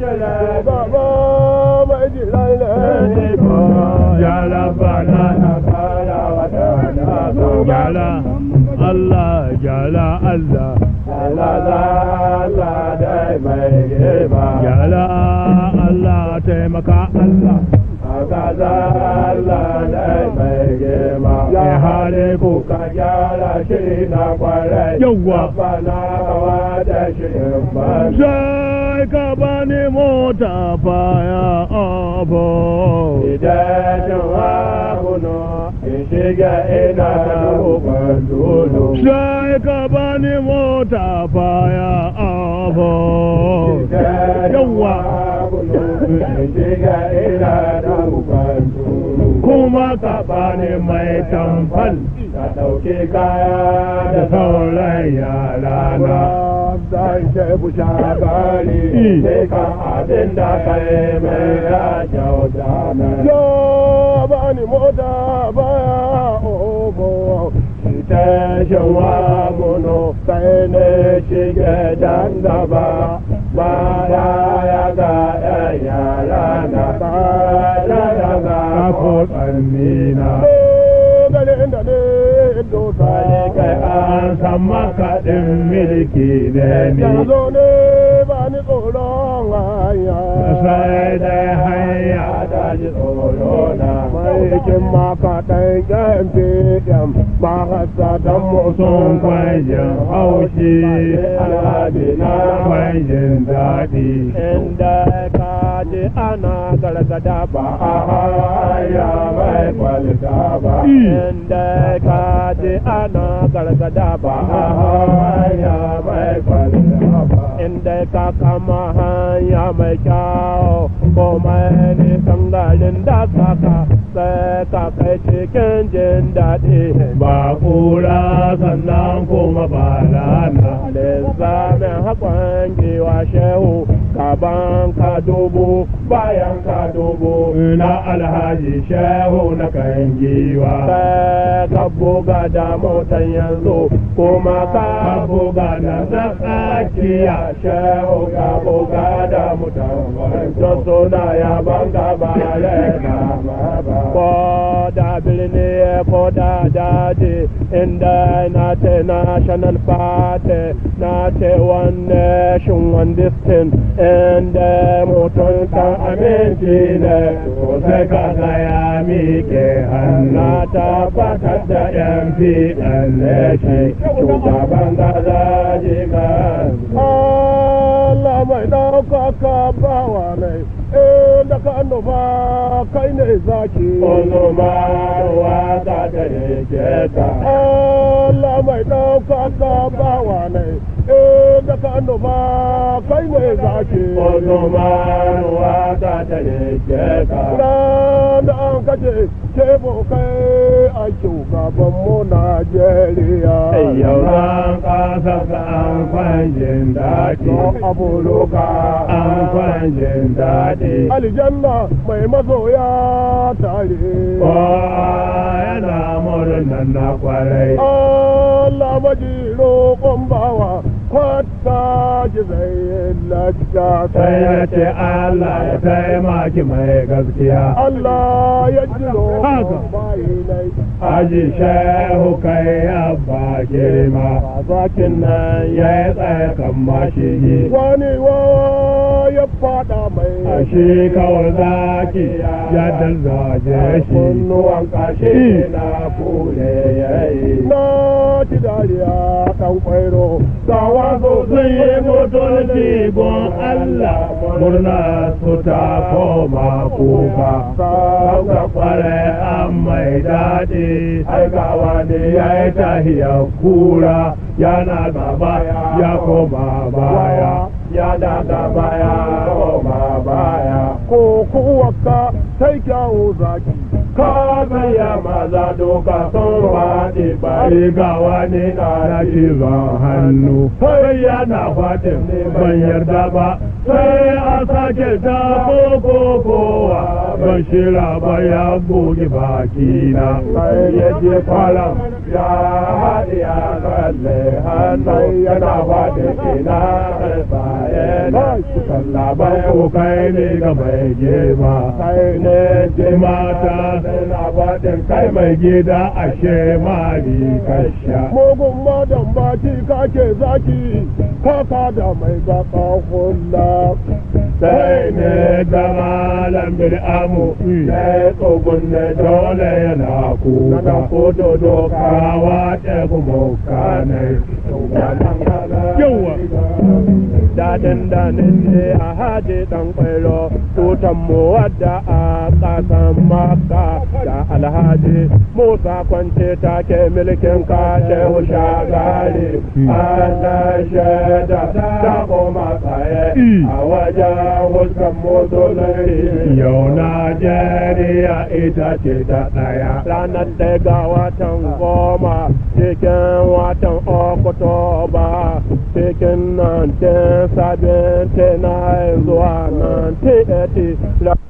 Jala Allah Jala Allah Allah dai mai girma Jala Allah taimaka Allah Kaza Allah dai mai girma Ya hare ku ka gyara shi na kwarai Yawwa Bana kawa da shi in kai ka bani mota faya abu idan wa kuno in shiga ina roƙon dolo sai ka bani mota faya abu idan wa kuno kuma ka bani mai tamfal ka ɗauke kaya da sauran yara zan shaibu shagari sai kan abin da kai mai ya kyauta na yo bani mota baya obo ita wa mono sai ne shige dan ba. baya ga yara na baya daga na Kare kai makaɗin milki ne ne. ne tsoron hanya. Sai dai ji tsoro na maikin makaɗan yan biyan mahasadan mutum kwajin haushi alhaji na kwajin daɗi inda ka ji ana gargada ba a haya mai kwalita ba inda ka ji ana gargada ba a haya mai kwalita ba inda ka kama hanya mai kyawo ko mai nisan da kaka sai ka kai cikin jin daɗi ba kura sannan kuma ba lana lissamin haƙon giwa shehu kaban ka dubu bayan ka dubu na alhaji shehu na kan giwa sai ka buga da motan yanzu kuma ka buga da tsakiya shehu ka buga da mutan. Jọ́sọ́dá ya bá ń kábàárẹ̀ kà máa bá. da bilini ko da daji inda na ce national party na ce one nation one distin inda mutum ta aminci ne ko sai ka tsaya mike hannu ta fatar da yan fi ɗan shi shugaban da daji ba Allah mai ɗaukaka bawa ne inda ka annoba kai ne zaki Ozoma ruwa ta gare ke ka Allah mai ɗauka ka bawa ne inda ka annoba kai ne zaki Ozoma ruwa ta gare ke ka don kaje tebo e, a shugaban Najeriya. Yauran ƙasa daɗi. Don daɗi. Aljanna mai masoya tare. Ko yana na kwarai. Ah. ki sai ya Allah ya taimaki mai gaskiya Allah ya ji aji shehu kai abba girma zakin nan ya tsaye kan mashi wani wa ya fada mai shi kawar zaki ya je shi kunnuwan kashi na kule yi na ji dariya kan kwairo sawa so sun yi mutunci gon Allah murna su ta koma kuka sauka kware amma mai daɗi ai ga wani ya yi tahiyar kura yana gaba ya koma baya ya gaba ya koma baya ko waka sai kyawu zaki ka ya maza doka sun faɗi bari ga wani na cizon hannu sai yana faɗin ban yarda ba sai a sake ta ko kowa bashira shira ba ya na bakina ya je kwalam ya haɗe ya kalle hannu yana faɗi na karfa yana kusan labar ko kai ne ga mai gema kai ne je mata na da kai mai gida a shemari kasha mugun madan baki kake zaki kaka da mai baka hula sai ne da malam mu da tsogun da dole yana kuka ko dodo kawa ta kuma kanai yawa daɗin da ne a haje ɗan ƙwairo tutan mu wadda a ƙasan maka da alhaji musa kwance take milkin kashe shagari hmm. ana shaida ta koma tsaye hmm. a wajen huskan musulunci yau najeriya ita ce ta ɗaya ranar daga watan goma cikin watan okuta sober, taking on ten, seven, ten, nine, one, and eighty.